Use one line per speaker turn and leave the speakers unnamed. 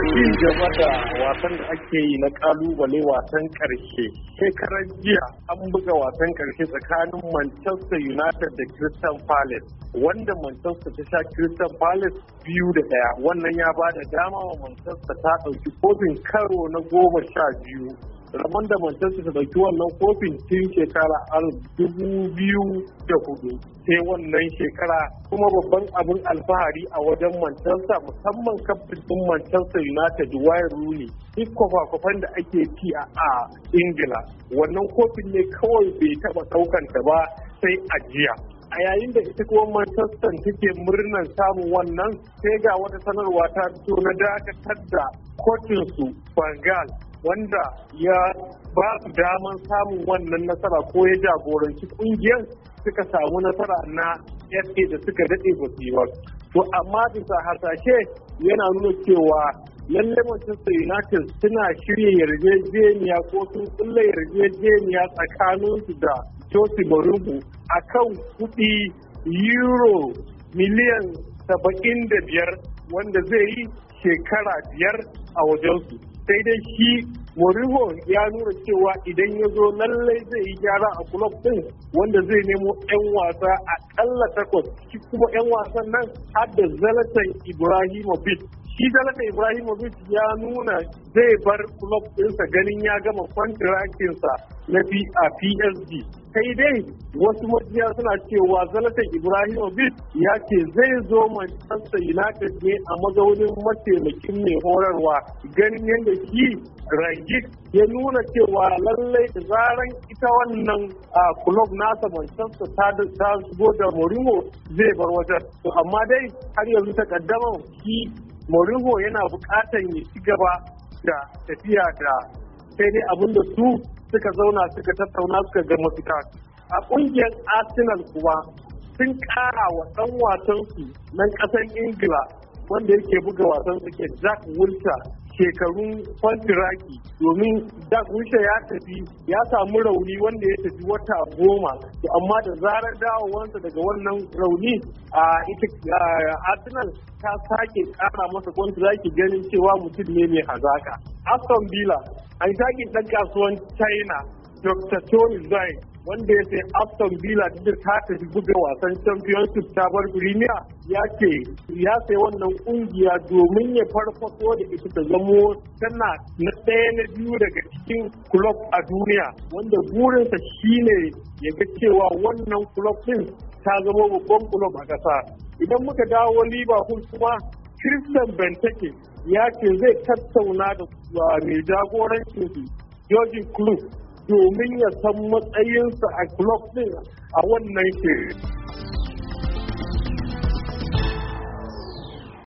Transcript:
Yin game da wasan da ake yi na kalubale wasan karshe. shekarar jiya an buga wasan karshe tsakanin Manchester United da Crystal Palace. Wanda Manchester ta sha Crystal Palace biyu da ɗaya. Wannan ya ba da dama wa Manchester ta ɗauki kofin karo na goma sha biyu. Ramon da Manchester ta dauki wannan kofin tun shekara an dubu biyu da hudu sai wannan shekara kuma babban abin alfahari a wajen Manchester musamman kafin din Manchester United Wayne Rooney duk kwafa-kwafan da ake ci a a Ingila wannan kofin ne kawai bai taɓa ɗaukanta ba sai a jiya a yayin da ita kuma Manchester take murnar samun wannan sai ga wata sanarwa ta fito na dakatar da kotun su Bengal wanda ya ba su daman samun wannan nasara ko ya jagoranci kungiyar suka samu nasara na FA da suka daɗe ba su yi ba. To amma bisa hasashe yana nuna cewa lallai Manchester United suna shirya yarjejeniya ko sun kulle yarjejeniya tsakaninsu da Jose a kan kuɗi euro miliyan saba'in da biyar wanda zai yi shekara biyar a wajensu. Sai dai shi Mourinho ya nuna cewa idan ya zo lallai zai yi gyara a kulob din wanda zai nemo 'yan wasa a kalla takwas shi kuma 'yan wasan nan har da zalatan Ibrahimovic shi zalatan Ibrahimovic ya nuna zai bar kulob ɗinsa ganin ya gama kwantirakinsa na a PSG sai dai wasu majiya suna cewa zalatan ibrahimovic ya ce zai zo manchester united ne a mazaunin mataimakin mai horarwa ganin yadda shi rangit ya nuna cewa lallai da zaran ita wannan a club nasa manchester ta shigo da morimo zai bar wajen amma dai har yanzu ta kaddama shi morimo yana bukatan ya ci gaba da tafiya da sai dai abin da su suka zauna suka tattauna suka ga mafita a ƙungiyar arsenal kuwa sun ƙara wa ɗan su nan ƙasar ingila wanda yake buga wasan su ke jack wilshere shekarun kwantiraki domin jack wilshere ya tafi ya samu rauni wanda ya tafi wata goma to amma da zarar dawowansa daga wannan rauni a ita arsenal ta sake ƙara masa kwantiraki ganin cewa mutum ne mai hazaka aston villa an shaƙin ɗan kasuwan china dr tony zai wanda ya sai aston villa da ta tafi buga wasan championship ta bar premier ya ce ya sai wannan kungiya domin ya farfaso da ita ta zamo tana na ɗaya na biyu daga cikin club a duniya wanda burinsa shine ya ga cewa wannan club din ta zama babban club a ƙasa idan muka dawo liverpool kuma christian benteke ya ce zai tattauna da mai jagorancin su George Klopp domin ya san matsayinsa a club din a wannan shekaru.